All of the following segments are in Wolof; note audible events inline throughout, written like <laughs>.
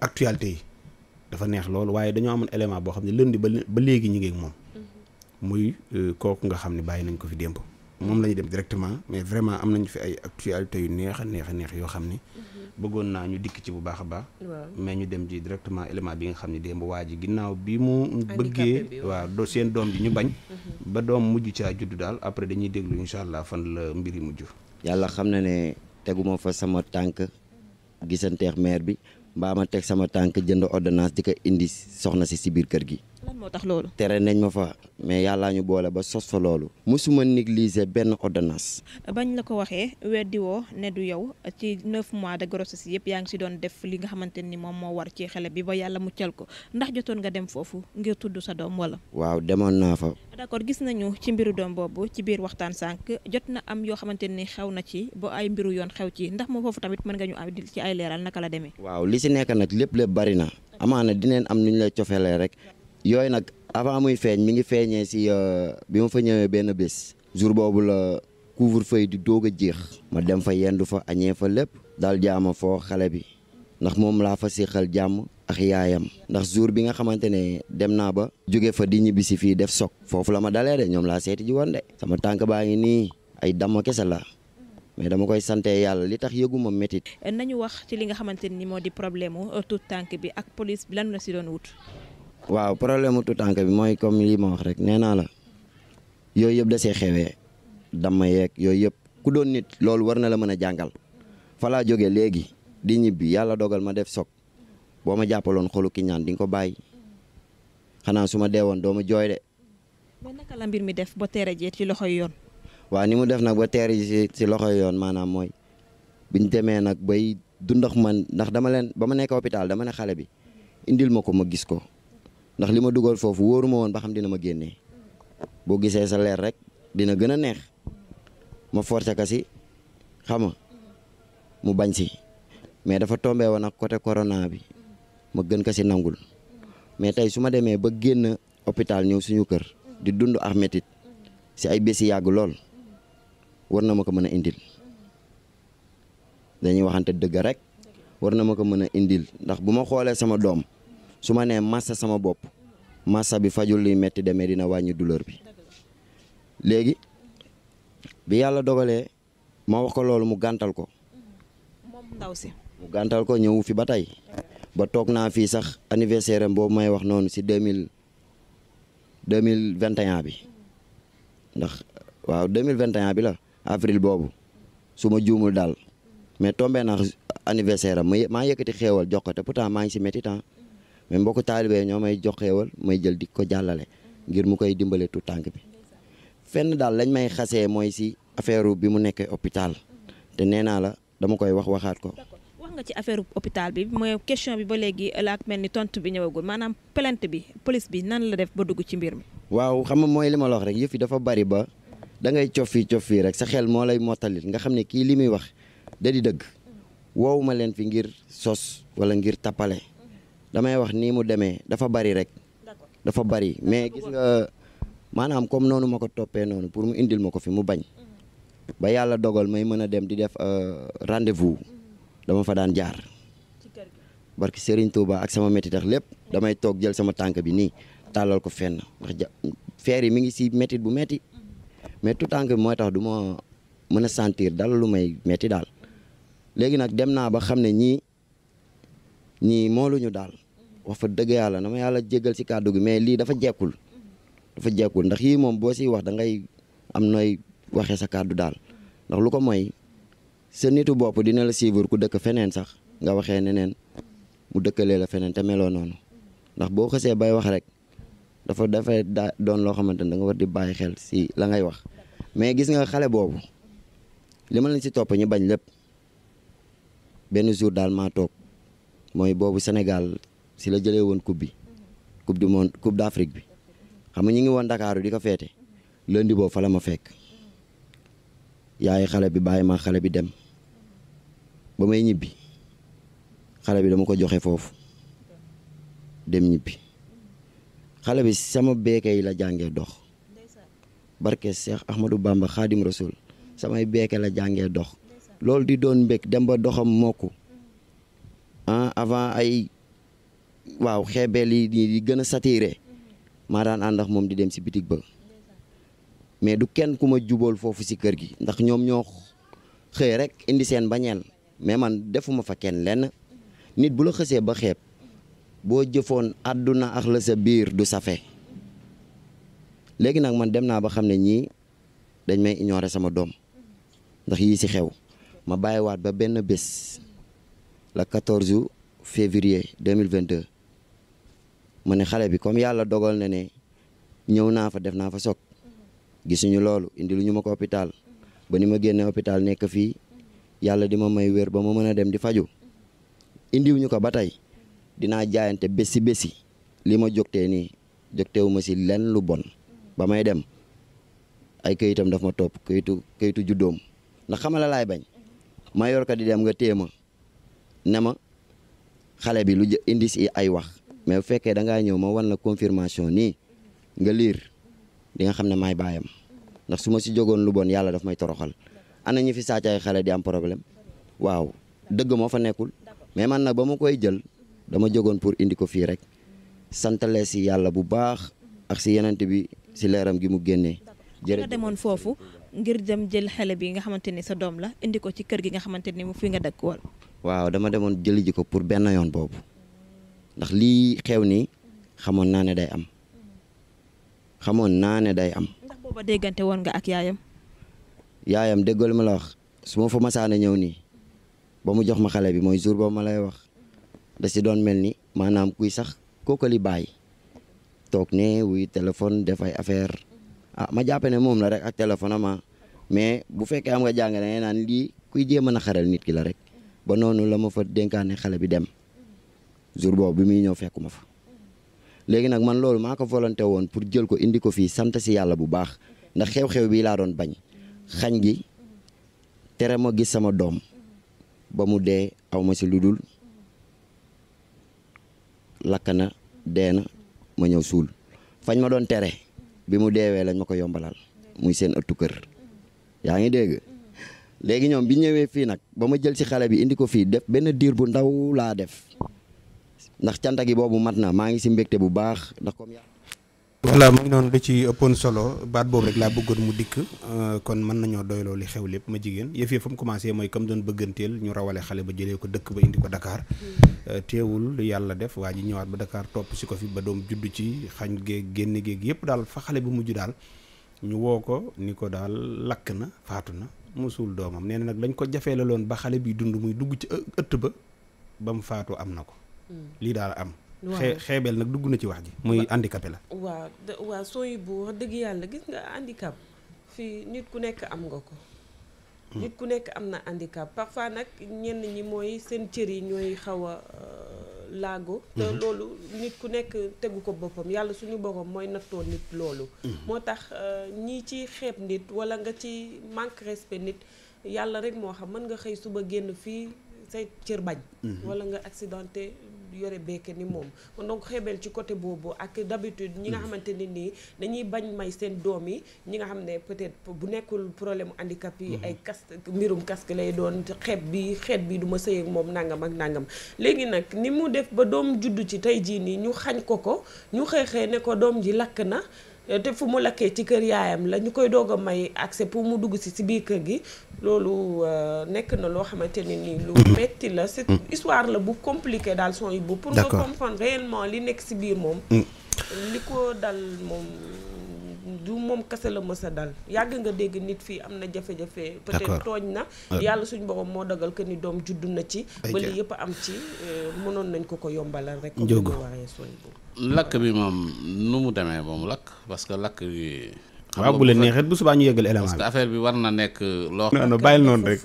actualité yi dafa neex loolu waaye dañoo amoon élément boo xam ne lundi ba ba léegi ñu ngi ak moom. Mm-hmm. muy euh, kooku nga xam ne bàyyi nañ ko fi démb. moom lañu dem directement mais vraiment am nañu fi ay actualité yu neex a neex a neex yoo xam ne. Mm-hmm. bëggoon naa ñu dikk ci bu baax a baax. mais ñu dem ji directement élément bi nga xam ne démb waa ji ginnaaw bi mu. bëggee waa do seen doom ji ñu bañ. Mm-hmm. ba doom mujj caa juddu daal après dañuy déglu incha allah fan la mbir yi mujj. yàlla xam na ne teguma fa sama tànk gisanteex maire bi. mbaa ma teg sama tànk jënd ordonnance di ko indi soxna si si biir kër gi lan moo tax loolu. tere nañ ma fa mais yàllaa ñu boole ba sos fa loolu. mosuma négliger benn ordonnance. bañ la ko waxee weddi woo ne du yow ci neuf mois de grossesse yëpp yaa ngi si doon def li nga xamante ni moom moo war ci xale bi ba yàlla muccal ko ndax jotoon nga dem foofu ngir tudd sa doom wala. waaw demoon naa fa. d'accord gis nañu ci mbiru doom boobu ci biir waxtaan sànq jot na am yoo xamante ni xew na ci ba ay mbiru yoon xew ci ndax moom foofu tamit mën nga ñu am ci ay leeral naka la demee. waaw li si nekk nag lépp lépp bari na amaana dineen am nu ñu lay cofeelee rek yooyu nag avant muy feeñ mi ngi feeñee si euh, bi ma fa ñëwee benn bés jour boobu la couvre-feu di doog a jeex ma dem fa yendu fa añee fa lépp daal jaama foo xale bi ndax moom laa fa seexal jàmm ak yaayam ndax jour bi nga xamante ne dem naa ba jóge fa di ñibbisi fii def sok foofu la ma dalee de ñoom laa seeti ji woon de sama tànk baa ngi nii ay damm kese la mais dama koy sante yàlla li tax yëguma métit nañu wax ci li nga xamante ni moo di problème u euh, tànk bi ak police lan la si doon wut waaw problème mu tuutànk bi mooy comme lii ma wax rek nee naa la yooyu yëpp da see xewee dama yeeg yooyu yëpp ku doon nit loolu war na la mën a jàngal falaa jóge léegi di ñibbi yàlla dogal ma def soog boo ma jàppaloon xolu ki ñaan di ko bàyyi xanaa su ma dee doo ma jooy de. mais naka la mbir mi def ba teere ji ci loxoy yoon. waaw ni mu def nag ba teere ji ci loxoy maanaam mooy biñ demee nag bay du ndox man ndax dama leen ba ma nekk hôpital dama ne xale bi indil ma ko ma gis ko. ndax li ma dugal foofu wóoruma woon ba xam dina ma génnee boo gisee sa leer rek dina gën a neex ma forcé ka si xam nga mu bañ si mais dafa tombé woon ak côté corona bi ma gën ka si nangul mais tey su ma demee ba génn hôpital ñëw suñu kër di dund ak métit si ay bés yàgg lool war na ma ko mën a indil dañuy waxante dëgg rek war na ma ko mën a indil ndax bu ma xoolee sama doom su ma nee massa sama bopp massa bi fajul liy metti demee dina wàññi douleur bi léegi bi yàlla dogalee ma wax ko loolu mu gàntal ko moom si mu gàntal ko ñëwu fi ba tey ba toog naa fii sax anniversaire am boobu may wax noonu si deux mille deux mille vingt et bi ndax waaw deux mille vingt et bi la avril boobu su ma juumul daal mais tombé na anniversaire am ma maa yëkkati xéewal jox ko te pourtant maa ngi si métti temps mais mbokku taalibee ñoo may jox xéewal may jël di ko jàllale ngir mu koy dimbale tout tànk bi fenn daal lañ may xasee mooy si affaire bi mu nekkee hôpital te nee naa la dama koy wax waxaat ko. wax nga ci affaire hôpital bi mooy question bi ba léegi la mel ni tontu bi ñëwagul maanaam plainte bi police bi nan la def ba dugg ci mbir mi. waaw xam ma mooy li ma la wax rek yëf yi dafa bari ba da ngay cof fii cof fii rek sa xel moo lay mottalit nga xam ne kii lii muy wax di dëgg woowu ma leen fi ngir sos wala ngir tappale damay wax nii mu demee dafa bari rek dafa bari mais gis nga maanaam comme noonu ma ko toppee noonu pour mu indil ma ko fi mu bañ mm-hmm. ba yàlla dogal may mën a dem di def euh, rendez-vous mm-hmm. dama fa daan jaar barki Serigne Touba ak sama métit lépp damay toog jël sama tànk bi nii tàllal ko fenn ndax ja feer yi mi ngi si métit bu métti mm-hmm. mais tànk bi mooy tax du ma mën a sentir dal lu may métti daal léegi nag dem naa ba xam ne ñii ñii ñu daal wax fa dëgg yàlla na ma yàlla jéggal si kàddu gi mais lii dafa jekkul dafa jekkul ndax yii moom boo siy wax dangay am nooy waxee sa kàddu daal ndax lu ko moy sa nitu bopp dina la suivre ku dëkk feneen sax nga waxee neneen mu dëkkalee la feneen te meloo noonu ndax boo xësee bay wax rek dafa dafa da doon loo xamante ne da war di bàyyi xel si la ngay wax mais gis nga xale boobu li ma leen si topp ñu bañ lépp benn jour daal maa toog mooy boobu Sénégal si la jëlee woon coupe bi coupe du monde coupe d' Afrique bi xam nga ñu ngi woon ndakaaru di ko feete lundi boobu fa la ma fekk yaay xale bi bàyyi ma xale bi dem ba may ñibbi xale bi dama ko joxe foofu dem ñibbi xale bi sama beeke yi la jàngee dox barke Cheikh Ahmadou Bamba Khadim Rasoul samay beeke la jàngee dox loolu di doon mbég dem ba doxam mokku avant ay waaw lii yi di gën a satiré maa daan ànd ak moom di dem si bitig ba mais du kenn ku ma jubóol foofu si kër gi ndax ñoom ñoo xëy rek indi seen bañeel mais man defuma fa kenn lenn nit bu la xësee ba xeeb boo jëfoon àdduna ak la sa biir du safe léegi nag man dem naa ba xam ne ñii dañ may ignorer sama doom ndax yii si xew ma bàyyiwaat ba benn bés le 14 février 2022 ma ne xale bi comme yàlla dogal na ne ñëw naa fa def naa fa soog gisuñu loolu indi lu ñu ma ko hôpital ba ni ma génne hôpital nekk fii yàlla di ma may wér ba ma mën a dem di faju indiwuñu ko ba tey dinaa jaayante bési bési li ma jógtee nii jógteewu ma si lenn lu bon ba may dem ay këyitam daf ma topp këyitu këyitu juddoom ndax xamala laay bañ ma yor ko di dem nga téema ne ma xale bi lu indi si ay wax mais bu fekkee da ñëw ma wan na confirmation nii nga liir di nga xam ne maay baayam ndax su ma si jógoon lu bon yàlla dafa may toroxal ana ñi fi sàcc ay xale di am problème waaw dëgg moo fa nekkul mais man nag ba ma koy jël dama jógoon pour indi ko fii rek santale si yàlla bu baax ak si yenent bi si leeram gi mu génnee jërëjëf nga demoon foofu ngir jëm jël xale bi nga xamante ni sa doom la indi ko ci kër gi nga xamante ni mu fi nga dëkk wal waaw dama demoon jëli ko pour benn yoon boobu ndax lii xew nii xamoon naa ne day am xamoon naa ne day am. ndax booba nga ak yaayam. yaayam déggal ma la wax su ma fa masaana ñëw nii ba mu jox ma xale bi mooy jour boobu ma lay wax da si doon mel ni maanaam kuy sax kooku li bàyyi toog ne wuy téléphone def ay affaire ah, ma jàpp ne moom la rek ak téléphone ah. mais bu fekkee am nga jàng ne naan lii kuy jéem a naxaral nit ki la rek. ba noonu la ma fa dénkaane xale bi dem jour boobu bi muy ñëw fekkuma fa léegi nag man loolu maa ko volonté woon pour jël ko indi ko fii sant si yàlla bu baax ndax xew-xew bii laa doon bañ xañ gi tere ma gis sama doom ba mu dee aw ma si lu dul lakk na dee ma ñëw suul fañ ma doon tere bi mu deewee lañ ma ko yombalal muy seen ëttu kër yaa ngi dégg léegi ñoom bi ñëwee fii nag ba ma jël si xale bi indi ko fii def benn diir bu ndaw laa def ndax cant gi boobu mat na maa ngi si mbégte bu baax ndax comme yàlla. voilà mu ngi noonu da ci ëppoon solo baat boobu rek laa bëggoon mu dikk euh, kon mën nañoo doyloo li xew lépp ma jigéen yëf yi fa mu commencé mooy comme doon bëgganteel ñu rawale xale ba jëlee ko dëkk ba indi ko Dakar euh, teewul yàlla def waa ji ñëwaat ba dakaar topp si ko fi ba doom juddu ci xañ géeg génn géeg yëpp daal fa xale bu mujj daal ñu woo ko ni ko daal lakk na faatu na mu doomam nee na nag dañ ko jafee la loon ba xale bi dund muy dugg ci ëtt ba ba mu faatu am na ko hmm. lii daal am xee xeebeel nag dugg na ci wax ji muy handicapé la waaw soo sooy bu wax dëgg yàlla gis nga handicap fii nit ku nekk am nga ko hmm. nit ku nekk am na handicap parfois nag ñenn ñi mooy seen cër yi ñooy xaw a euh, laago mhm. te loolu nit ku nekk tegu ko boppam yàlla suñu borom mooy nattoo nit loolu mhm. moo tax euh, ñii ci xeeb nit wala nga ci manque respect nit yàlla rek moo xam mën nga xëy suba génn fii say cër bañ mhm. wala nga accidenté yore bekke ni moom kon donc xeebeel ci côté boobu ak d'habitude ñi nga mm. xamante ne nii dañuy bañ may seen doom yi ñi nga xam ne peut-être bu nekkul problème handicap yi mm-hmm. ay casque mbirum casque lay doon xeeb bi xeet bi duma ma moom nangam ak nangam léegi nag ni mu def ba doom juddu ci tey jii nii ñu xañ ko ko ñu xëy ne ko doom ji lakk na te fu mu lakkee ci kër yaayam la ñu koy doog a may accès pour mu dugg si si biir kër gi loolu euh, nekk na loo xamante ne nii lu metti la c'est mm. histoire la bu compliqué daal son yi bu pour nga comprendre réellement li nekk si biir moom mm. li ko dal moom du moom kase la mës a dal yàgg nga dégg nit fii am na jafe-jafe peut-être tooñ na euh. yàlla suñ borom moo dagal que ni doom juddu na ci ba li am ci euh, mënoon nañ ko ko yombalal rek comme ni waree sooy lakk bi moom nu mu demee ba mu lakk parce que lakk bi waaw bu leen neexee bu subaa ñu yëgal élément parce que affaire bi war na nekk loo non non bàyyil noonu rek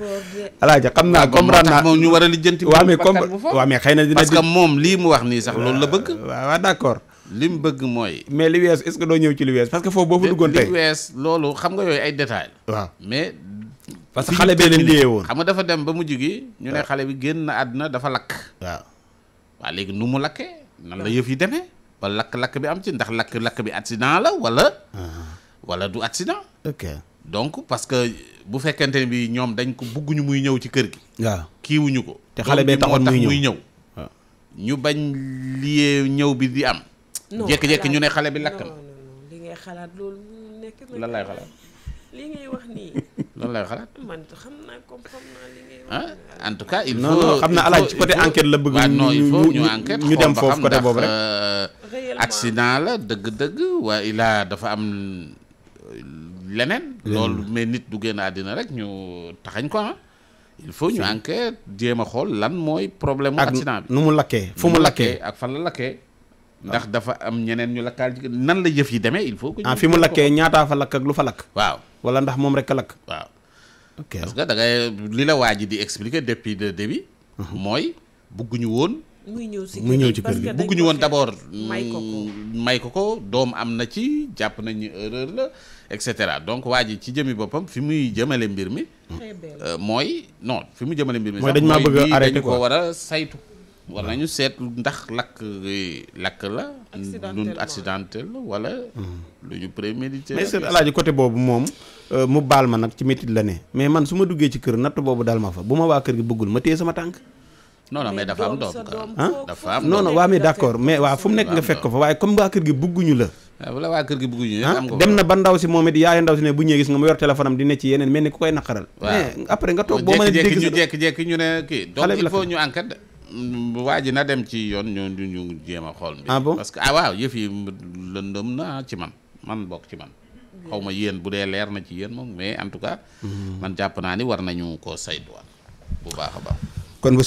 alaaja xam naa comprendre naa moom ñu war a lijjanti waaw mais comme waaw xëy na dina parce que moom lii mu wax nii sax loolu la bëgg waaw waaw d'accord li mu bëgg mooy. mais li wees est-ce que doo ñëw ci li wees parce que foofu boo fa duggoon tey li wees loolu xam nga yooyu ay détails. waaw mais. parce que xale bee leen liyee woon xam nga dafa dem ba mujj gi. ñu ne xale bi génn na àdduna dafa lakk. waaw léegi nu mu lakkee. nan la yëf demee. ba lakk-lakk bi am ci ndax lakk-lakk bi at accident la wala. Uh-huh. wala du accident. ok donc parce que bu fekkente ne bi ñoom dañ ko bugguñu muy ñëw ci kër gi. waa kiiwuñu ko. te xale bee taxoon muy ñëw muy ñëw. ñu bañ lie ñëw bi di am. non jékki ñu ne xale bi lakk na. li xalaat loolu nekk xalaat. li <laughs> xam naa comme en tout cas il faut xam na alaaj ci côté enquête la bëgg. non il faut ñu enquête ñu dem foofu côté boobu rek. Euh, la dëgg-dëgg waa dafa am leneen. loolu mais nit du génn àddina rek ñu taxañ ko il faut ñu enquête jéem a xool lan mooy problème mu accident bi. nu mu lakkee fu mu lakkee ak fan la lakkee. ndax dafa am ñeneen ñu lakkaal nan la yëf yi demee il ah, fi mu lakkee ñaata fa lakk ak lu fa lakk. waaw wala ndax moom rek a lakk. waaw ok parce que da ngay li la waa ji di expliquer depuis le début. Mhm. mooy bugguñu woon. muy ñëw ci muy ñëw ci kër gi bugguñu woon d'abord. may ko ko mm, may ko ko doom am na ci jàpp nañu erreur la et cetera donc waa yi ci jëmi boppam fi muy jëmale mbir mi. Euh, mooy non fi mu jëmale mbir mi. mooy dañ maa bëgg a arrêté ko war a saytu. war ñu seet ndax lakk lakk la. lu accidentel la wala. Hmm. lu ñu prémédité mais seen alaaji côté boobu moom euh, mu baal ma nag ci métit la ne mais man su ma duggee ci kër natt boobu daal ma fa bu ma waa kër gi bëggul ma téye sama tànk. non non mais dafa am doom ah dafa am non non waa fa waaye comme waa kër gi bëgguñu la. wala ah, waa kër gi bëgguñu la dem na ba ndaw si moom it yaayu ndaw si ne bu ñëwee gis nga mu yor téléphone di ne ci yeneen mel ni ku koy naqaral. mais après nga toog boo mën a dégg ñu jékki ñu ne kii donc il faut ñu enquête waa ji na dem ci yoon ñoo du ñu jéem a xool. ah bon parce que ah waaw yëf yi lëndëm na ci man man bokk ci man. xaw ma yéen bu dee leer na ci yéen moom mais en tout cas. Mm-hmm. man jàpp naa ni war nañu koo saytuwaat bu baax a baax. kon bu